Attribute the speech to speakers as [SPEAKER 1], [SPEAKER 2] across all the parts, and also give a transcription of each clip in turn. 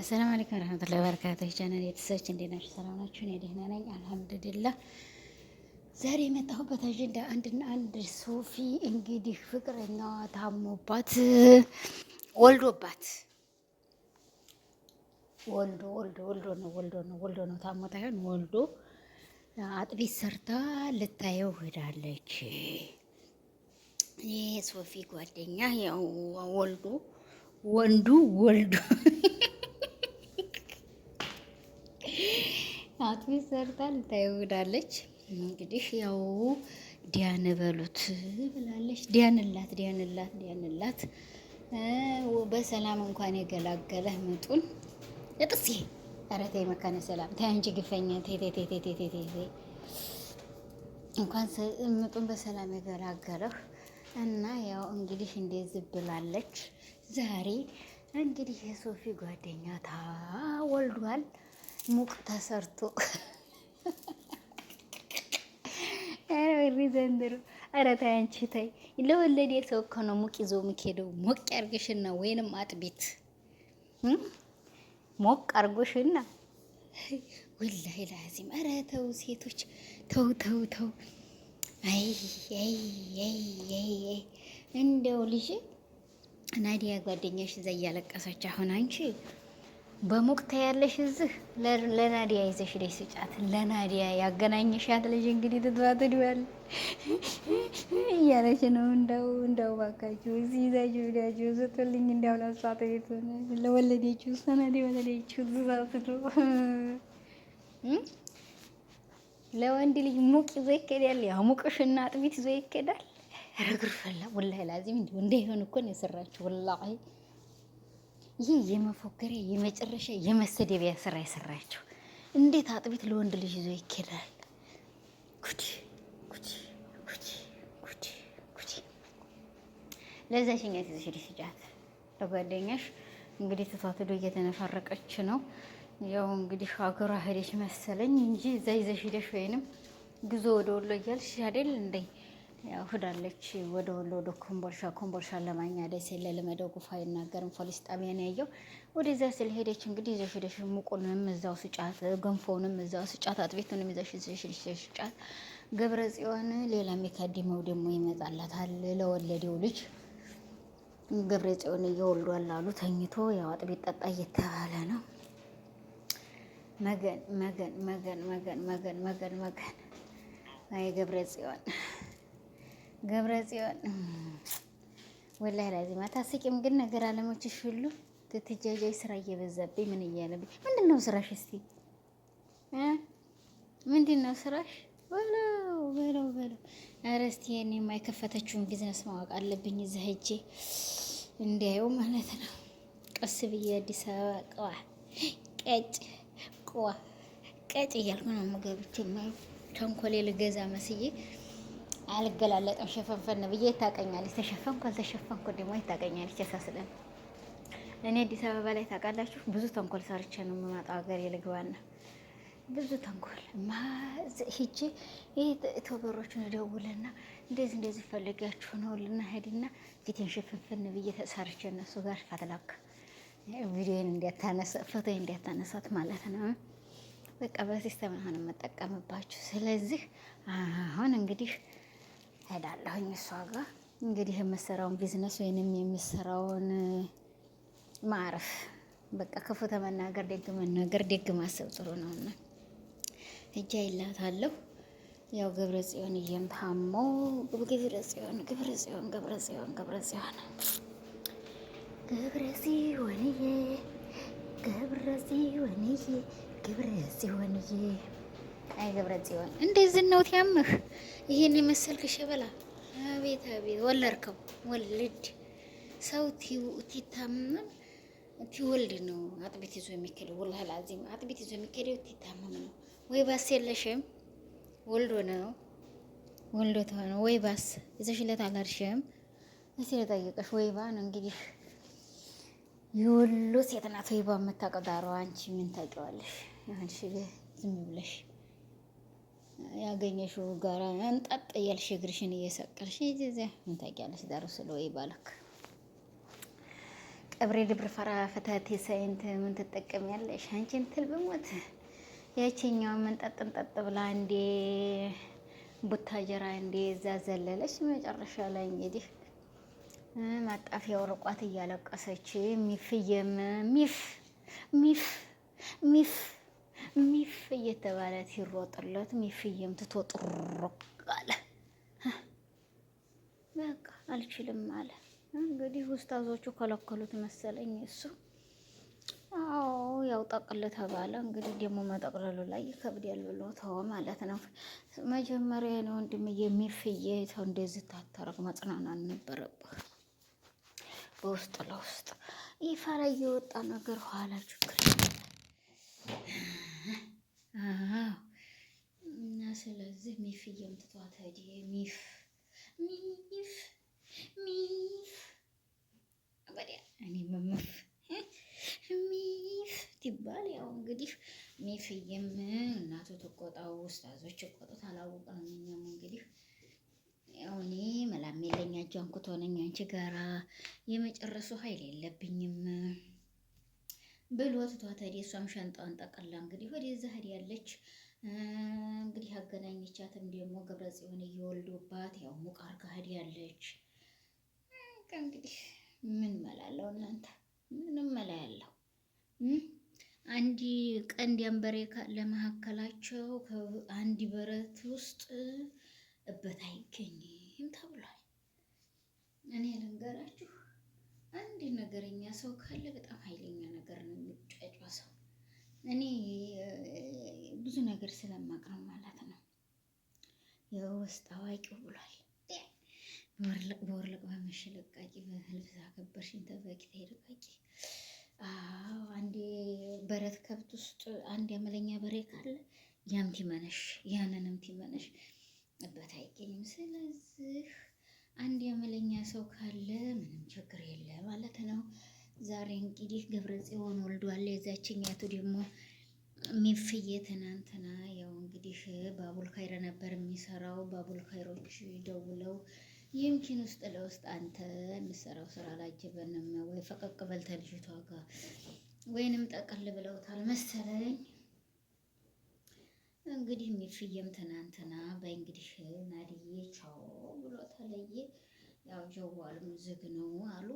[SPEAKER 1] አሰላም አለይኩም ረህመቱላሂ ወበረካቱህ ቻናል ቤተሰቦች እንዴት ናችሁ? ሰላም ናችሁ? እኔ ደህና ነኝ አልሐምዱሊላህ። ዛሬ የመጣሁበት አጀንዳ አንድና አንድ ሶፊ እንግዲህ ፍቅረኛዋ ታሞባት ወልዶባት ወልዶ ወልዶ ወልዶ ነው ወልዶ ነው ወልዶ ነው ታሞ ታይሆን ወልዶ አጥቢት ሰርታ ልታየው ሄዳለች። ይህ ሶፊ ጓደኛ ያው ወልዶ ወንዱ ወልዶ አጥቢት ዘርታ ልታይወዳለች። እንግዲህ ያው ዲያን በሉት ብላለች። ዲያንላት ዲያንላት ዲያንላት በሰላም እንኳን የገላገለህ ምጡን እጥሴ ኧረ መካነ ሰላም ተይ አንቺ ግፈኛ ተይ ተይ ተይ ተይ ተይ እንኳን ምጡን በሰላም የገላገለህ እና ያው እንግዲህ እንደዚህ ብላለች። ዛሬ እንግዲህ የሶፊ ጓደኛ ታወልዷል። ሙቅ ተሰርቶ ሪ ዘንድሮ ኧረ ተይ አንቺ ተይ። ለወለዴ ሰው እኮ ነው ሙቅ ይዞ የሚሄደው። ሞቅ ያርግሽና ወይንም አጥቢት ሞቅ አርጎሽና ወላሂ ላዚም። ኧረ ተው ሴቶች ተው ተው ተው። አይ እንደው ልጅ ናዲያ ጓደኛሽ እዛ እያለቀሰች አሁን አንቺ በሙቅታ ያለሽ እዚህ ለናዲያ ይዘሽ ደሽ ስጫት። ለናዲያ ያገናኘሻት ልጅ እንግዲህ ትትባት ዲዋል እያለች ነው። እንዳው እንዳው ባካችሁ እዚህ ይዛችሁ ሄዳችሁ ስትልኝ እንዳው ለሷት ቤት ለወለደችው ሰነድ የወለደችው ዝዛትዶ ለወንድ ልጅ ሙቅ ይዞ ይኬዳል። ያ ሙቅሽና ጥቢት ይዞ ይከዳል። ረግር ፈላ ወላሂ ላዚም እንዲ እንደ እኮ እኮን የሰራችሁ ወላሂ ይህ የመፎከሪያ የመጨረሻ የመሰደቢያ ስራ የሰራቸው እንዴት አጥቢት ለወንድ ልጅ ይዞ ይኬዳል? ጉድ ጉድ ጉድ ጉድ ጉድ። ለዛሽኛት ይዘሽ ሂድ ስጫት ለጓደኛሽ። እንግዲህ ትቷት ሄዶ እየተነፈረቀች ነው። ያው እንግዲህ ሀገሯ ሄደች መሰለኝ እንጂ እዛ ይዘሽ ሂደሽ ወይንም ጉዞ ወደ ወሎ እያልሽ አይደል እንደ ሁዳለች ወደ ወሎ ወደ ኮምቦልሻ ኮምቦልሻ ለማኛ ደሴ ለልመደው ጉፋ አይናገርም ፖሊስ ጣቢያን ያየው ወደዚያ ስለሄደች እንግዲህ ይዘሽ ሄደሽ ሙቁንም እዛው ስጫት፣ ገንፎውንም እዛው ስጫት፣ አጥቤቱንም ይዘሽ ስጫት። ገብረ ጽዮን ሌላ የሚካድመው ደግሞ ይመጣላታል ለወለዴው ልጅ ገብረ ጽዮን እየወልዷል አሉ ተኝቶ ያው አጥቤት ጠጣ እየተባለ ነው። መገን መገን መገን መገን መገን መገን መገን አይ ገብረ ጽዮን ገብረ ጽዮን ወላሂ ላዚም አታስቂም። ግን ነገር አለመችሽ ሁሉ ትትጃጃይ ስራ እየበዛብኝ ምን እያለብኝ ምንድን ነው ስራሽ? እስቲ ምንድን ነው ስራሽ? በለው በለው በለው። ኧረ እስቲ እኔማ የከፈተችውን ቢዝነስ ማወቅ አለብኝ። እዛ ሂጅ እንዲያየው ማለት ነው። ቀስ ብዬ አዲስ አበባ ቀዋ ቀጭ ቀዋ ቀጭ እያልኩ ነው የምገብቼ ተንኮሌ ልገዛ መስዬ አልገላለጥም። ሸፈንፈን ብዬ ይታቀኛለች። ተሸፈንኩ አልተሸፈንኩ ደግሞ ይታቀኛለች። ያሳስለን። እኔ አዲስ አበባ ላይ ታውቃላችሁ ብዙ ተንኮል ሰርቼ ነው የምመጣው። ሀገር የልግባና ብዙ ተንኮል ሂጄ ይህ ቶበሮቹን እደውልና እንደዚህ እንደዚህ ፈልጋችሁ ነው ልና ሄድና ፊቴን ሽፍንፍን ብዬ ተሰርቼ እነሱ ጋር ፈትላክ ቪዲዮን እንዲያታነሳ ፎቶን እንዲያታነሳት ማለት ነው። በቃ በሲስተም አሁን የምጠቀምባችሁ። ስለዚህ አሁን እንግዲህ ሄዳለሁኝ እሷ ጋር እንግዲህ የምሰራውን ቢዝነስ ወይንም የምሰራውን ማረፍ በቃ ክፉ ተመናገር ደግ መናገር ደግ ማሰብ ጥሩ ነውና እጃ ይላታለሁ። ያው ገብረ ጽዮን ታሞ ገብረ ጽዮን ገብረ ጽዮን ገብረ ጽዮን ገብረ ጽዮን ገብረ ጽዮንዬ ገብረ ጽዮንዬ ገብረ ጽዮንዬ አይ ገብረ ጽዮን እንደዚህ ነው ያምህ ይሄን የመሰልክ ሸበላ አቤት አቤት ወለርከው ወልድ ሰው ቲታመም ቲወልድ ነው አጥቢት ይዞ የሚከደው ወላሂ ላዚም አጥቢት ይዞ የሚከደው ቲታመም ነው ወይ ባስ የለሽም ወልዶ ነው ወልዶ ተሆነ ወይ ባስ ይዘሽለት አላርሽም እስ የጠየቀሽ ወይ ባ ነው እንግዲህ የወሎ ሴት ናት ወይ ባ የምታውቀው አንቺ ምን ታውቂዋለሽ ይሁን ዝም ብለሽ ያገኘሽው ጋራ እንጠጥ እያልሽ እግርሽን እየሰቀልሽ እዚያ ምን ታውቂያለሽ? ዳሩ ወይ ባለክ ቀብሬ ድብር ፈራ ፈታት ሳይንት ምን ትጠቀሚያለሽ? አንቺን ትል ብሞት ምን መንጠጥ እንጠጥ ብላ እንዴ ቡታጀራ እንዴ እዛ ዘለለች። መጨረሻ ላይ እንግዲህ ማጣፊያው ርቋት እያለቀሰች ሚፍ ሚፍ ሚፍ ሚፍ ሚፍ እየተባለ ሲሮጥለት ሚፍዬም ትቶ ጥሩቅ አለ። በቃ አልችልም አለ። እንግዲህ ውስታዞቹ ከለከሉት መሰለኝ እሱ አዎ ያው ጠቅል ተባለ። እንግዲህ ደግሞ መጠቅለሉ ላይ ይከብዳል ብሎ ተወ ማለት ነው። መጀመሪያ ነው ወንድምዬ የሚፍዬ ሰው እንደዚህ ታተረቅ መጽናናት ነበረብህ። በውስጥ ለውስጥ ይፋ ላይ ነገር ኋላ ችግር አዎ እና ስለዚህ ሚፍዬም ትቷት ሄደ። ሚፍ ሚፍ ሚፍ ወዲያ እኔ መመፍ ሚፍ ትባል። ያው እንግዲህ ሚፍዬም እናቱ ትቆጣው፣ ውስታዞች ይቆጡት፣ አላወቅንም። እኛም እንግዲህ ያው እኔ መላም የለኝ አጃንኩት ሆነኝ አንቺ ጋራ የመጨረሱ ኃይል የለብኝም። ብሎ ትቷት ሄደ። እሷም ሻንጣዋን ጠቅልላ እንግዲህ ወደዛ ያለች እንግዲህ አገናኘቻትም ደግሞ ገብረጽዮን እየወልዶባት ያው ሙቃር አርጋ ያለች እንግዲህ ምን መላለው እናንተ ምንም መላ ያለው አንድ ቀንድ ያንበሬ ለመካከላቸው አንድ በረት ውስጥ እበት አይገኝም ተብሏል። እኔ ልንገራችሁ አንድ ነገረኛ ሰው ካለ በጣም ኃይለኛ ነገር ነው የሚጫጫ ሰው። እኔ ብዙ ነገር ስለማቅ ነው ማለት ነው። የውስጥ አዋቂው ብሏል። በወርለቅ በመሸል ቃቂ በህልፍዛ ከበርሽን ተበቂ ተሄድ ቃቂ አንዴ በረት ከብት ውስጥ አንድ ያመለኛ በሬ ካለ ያም ቲመነሽ ያንንም ቲመነሽ እበት አይገኝም። ስለዚህ አንድ የመለኛ ሰው ካለ ምንም ችግር የለ ማለት ነው። ዛሬ እንግዲህ ገብረ ጽዮን ወልዷል። የዛችኛቱ ደግሞ ሚፍዬ ትናንትና ያው እንግዲህ ባቡል ካይረ ነበር የሚሰራው። ባቡል ካይሮች ደውለው ይምኪን ውስጥ ለውስጥ አንተ የምሰራው ስራ አላጀበንም ወይ ፈቀቅ በልተ ልጅቷ ጋር ወይንም ጠቀል ብለውታል መሰለኝ እንግዲህ ሚፍየም ትናንትና በእንግዲህ ናድዬ ቻው ብሎ ተለየ። ያው ጀዋልም ዝግ ነው አሉ።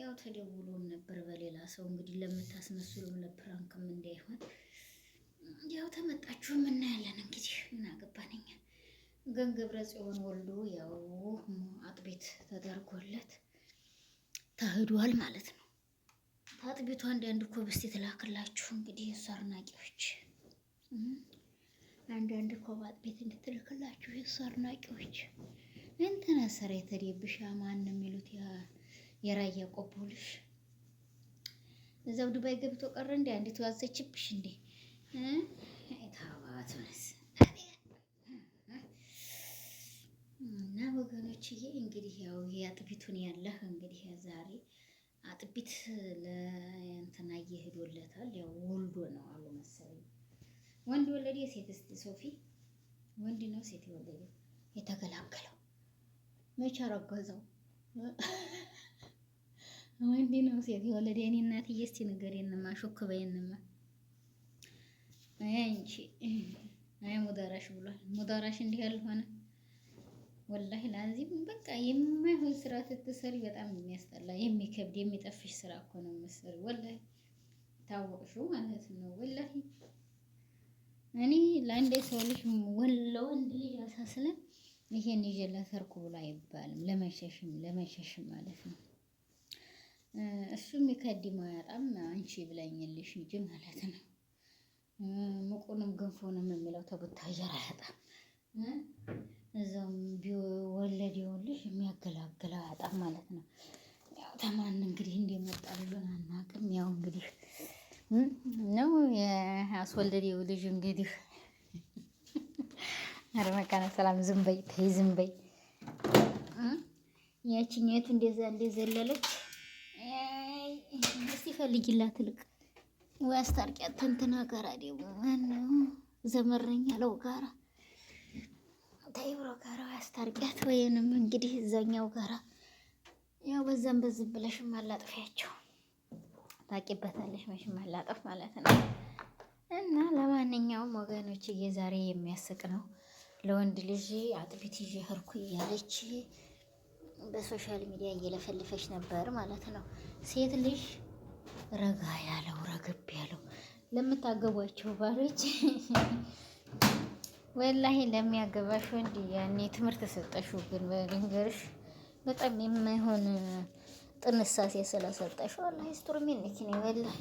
[SPEAKER 1] ያው ተደውሎም ነበር በሌላ ሰው እንግዲህ ለምታስመስሉም ለፕራንክም እንዳይሆን ያው ተመጣችሁ እናያለን። እንግዲህ ምን አገባነኛ። ግን ገብረ ጽዮን ወልዶ ያው አጥቤት ተደርጎለት ተህዷል ማለት ነው። ታጥቤቷ አንዳንድ ኮብስት የተላክላችሁ እንግዲህ እሱ አድናቂዎች አንዳንድ ኮባጥ ቤት እንድትልክላችሁ የእሱ አድናቂዎች እንትና ሰራ የተደብሻ ማን የሚሉት የራያ ቆቦልሽ እዛው ዱባይ ገብቶ ቀረ እንዴ? አንዲት ዋዘችብሽ እንዴ? ታባቱንስ እና ወገኖችዬ እንግዲህ ያው ይሄ አጥቢቱን ያለህ እንግዲህ ዛሬ አጥቢት ለእንትና እየሄዶለታል ያው ወልዶ ነው አሉ መሰለኝ ወንድ ወለደ የሴት እስቲ ሶፊ ወንድ ነው ሴት የወለደ የተገላገለው መቼ አረገዘው? ወንድ ነው ሴት የወለደ የኔ እናትዬ እስቲ ንገሪንማ፣ ሹክ በይንማ። አንቺ አይ ሙዳራሽ ብሏል። ሙዳራሽ እንዲህ ያለ ወላሂ ላዚም በቃ የማይሆን ስራ ስትሰሪ በጣም የሚያስጠላ የሚከብድ የሚጠፍሽ ስራ እኮ ነው የምትሰሪው። ወላሂ ታወቅሽው ማለት ነው ወላሂ እኔ ለአንድ ሰው ልጅ ለወንድ ልጅ አሳስለን ይሄን ይዤላ ሰርኩ ብሎ አይባልም። ለመሸሽም ለመሸሽም ማለት ነው። እሱም ይከድም አያጣም። አንቺ ብለኝልሽ እንጂ ማለት ነው። ሙቁንም ገንፎንም የሚለው ተጉታ አየር አያጣም። እዛውም ቢወለድ ይኸውልሽ የሚያገላግል አያጣም ማለት ነው። ያው ተማን እንግዲህ እንደመጣ ልጁን አናውቅም። ያው እንግዲህ ነው ያስወለደው ልጅ እንግዲህ። ኧረ መካነ ሰላም ዝም በይ ተይ ዝም በይ። ያችኛቱ እንደዛ እንደዘለለች እስቲ ፈልጊላት ልቅ ወይ አስታርቂያት ተንትና ጋራ ደግሞ ማነው ዘመረኛ ለው ጋራ ታይብሮ ጋራ አስታርቂያት ወይንም እንግዲህ እዛኛው ጋራ ያው በዛም በዝም ብለሽም አላጥፊያቸው ታቂበታለሽ መቼም አላጠፍ ማለት ነው። እና ለማንኛውም ወገኖች የዛሬ የሚያስቅ ነው። ለወንድ ልጅ አጥቢት ይዤ ህርኩ እያለች በሶሻል ሚዲያ እየለፈለፈች ነበር ማለት ነው። ሴት ልጅ ረጋ ያለው ረግብ ያለው ለምታገቧቸው ባሎች ወላሂ ለሚያገባሽ ወንድ ያኔ ትምህርት ሰጠሽው። ግን በድንገርሽ በጣም የማይሆን ጥንሳሴ ስለሰጠሽ ወላሂ ስቱር ሚንኪ ነው ወላሂ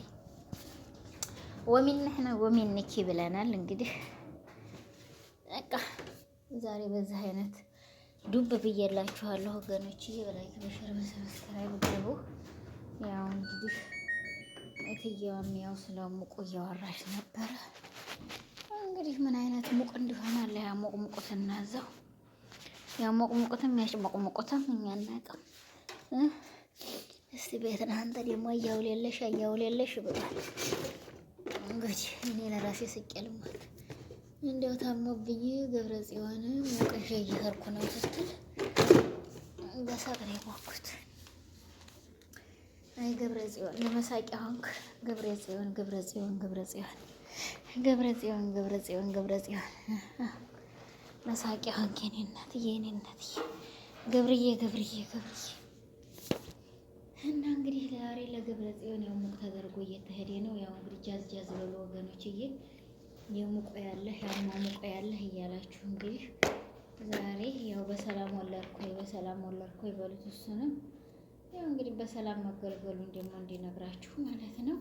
[SPEAKER 1] ወሚንህና ወሚንኪ ብለናል። እንግዲህ በቃ ዛሬ በዚህ አይነት ዱብ ብዬላችኋለሁ ወገኖች። በላይክ በሽር በሰብስክራይብ ግቡ። ያው እንግዲህ እትየዋም ያው ስለ ሙቁ እያወራች ነበረ። እንግዲህ ምን አይነት ሙቅ እንዲሆን አለ ያሞቅሙቁት እናዛው ያሞቅሙቁትም ያጭሞቅሙቁትም እኛ እናውቅም። ቤት ነህ አንተ ደግሞ እያውሌለሽ እያውሌለሽ ብሏል። እንግዲህ እኔ ለራሴ ስቄልማል እንደው ታሞብኝ ገብረ ጽዮን ሞቀሽ እየሄድኩ ነው ስትል በሳቅ ነው የሞኩት። አይ ገብረ ጽዮን ለመሳቂያ ሆንክ። ገብረ ጽዮን ገብረ ጽዮን ገብረ ጽዮን ገብረ ጽዮን ገብረ ጽዮን ገብረ ጽዮን መሳቂያ ሆንክ። የኔ እናትዬ የኔ እናትዬ ገብርዬ ገብርዬ ገብርዬ እና እንግዲህ ዛሬ ለገብረ ጽዮን ያው ሙቅ ተደርጎ እየተሄደ ነው። ያው እንግዲህ ጃዝ ጃዝ በሉ ወገኖችዬ፣ የሙቆ ያለህ ያማ ሙቆ ያለህ እያላችሁ እንግዲህ ዛሬ ያው በሰላም ወለድኩኝ በሰላም ወለድኩኝ በሉት። እሱንም ያው እንግዲህ በሰላም መገልገሉን ደግሞ እንዲነግራችሁ ማለት ነው።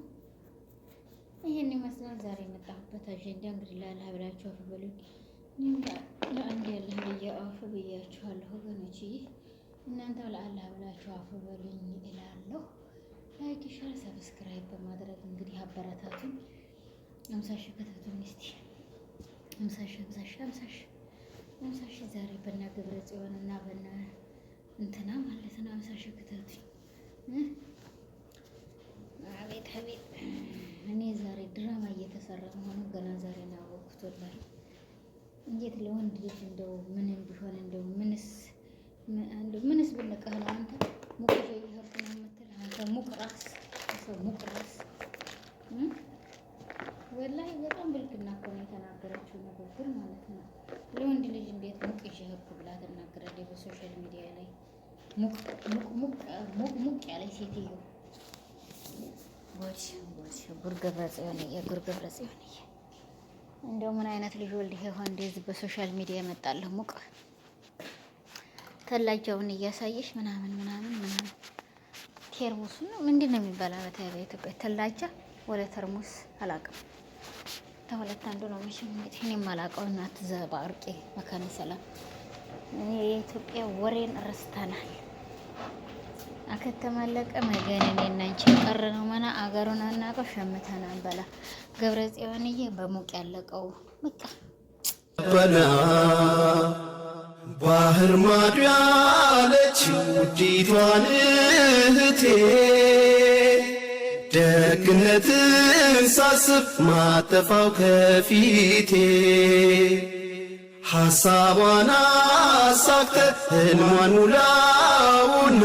[SPEAKER 1] ይህን ይመስላል ዛሬ የመጣሁበት አጀንዳ። እንግዲህ ላላህ ብላችሁ አፍ በሉኝ፣ ለአንድ ያለህ ብዬ አፍ ብያችኋለሁ ወገኖችዬ። እናንተው ለአላህ ብላችሁ አፉ በሉኝ እላለሁ። ላይክ፣ ሼር፣ ሰብስክራይብ በማድረግ እንግዲህ አበረታቱን። አምሳ ሺህ ከተቱን እስቲ አምሳ ሺህ አምሳ ሺህ አምሳ ሺህ አምሳ ሺህ ዛሬ በእና ግብረ ጽዮን እና በእና እንትና ማለት ነው። አምሳ ሺህ ከተቱኝ። አቤት አቤት! እኔ ዛሬ ድራማ እየተሰራ መሆኑ ገና ዛሬ ነው እንዴት ለወንድ ልጅ እንደው ምንም ቢሆን እንደው ምንስ ምንስ ብንቅህ ነው አንተ ሙቅር ይህርት ነው የምትል አንተ ሙቅራስ ሰው ሙቅራስ ወላሂ በጣም ብልግና እኮ ነው የተናገረችው ንግግር ማለት ነው። ለወንድ ልጅ እንዴት ሙቅ ይሽህርኩ ብላ ትናገራለች በሶሻል ሚዲያ ላይ ሙቅ ያለች ሴትዮ ጎድ ጎድ ጉር ገብረ ጽዮንዬ ጉር ገብረ ጽዮንዬ እንደው ምን አይነት ልጅ ይሆን እንደዚህ በሶሻል ሚዲያ መጣለህ ሙቅ ፈላጊውን እያሳየሽ ምናምን ምናምን ምናምን ቴርሙሱ ምንድን ነው የሚባል አመታ በኢትዮጵያ ተላጃ ወደ ተርሙስ አላውቅም። ተሁለት አንዱ ነው መቼም እንግዲህ እኔም አላውቀው። እናት ዘባርቄ አርቄ መካነ ሰላም የኢትዮጵያ ወሬን ረስተናል። አከተማለቀ መገን እኔ እና አንቺ የቀረ ነው መና አገሩን አናውቀው ሸምተናል። በላ ገብረ ጽዮንዬ በሙቅ ያለቀው በቃ ባህር ማዶ ያለችው ውዲቷን እህቴ ደግነትን ሳስብ ማጠፋው ከፊቴ ሐሳቧን አሳክተ ህልሟን ውላውና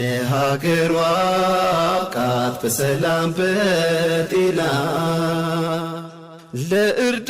[SPEAKER 1] ለሀገሯ አብቃት በሰላም በጤና ለእርዳ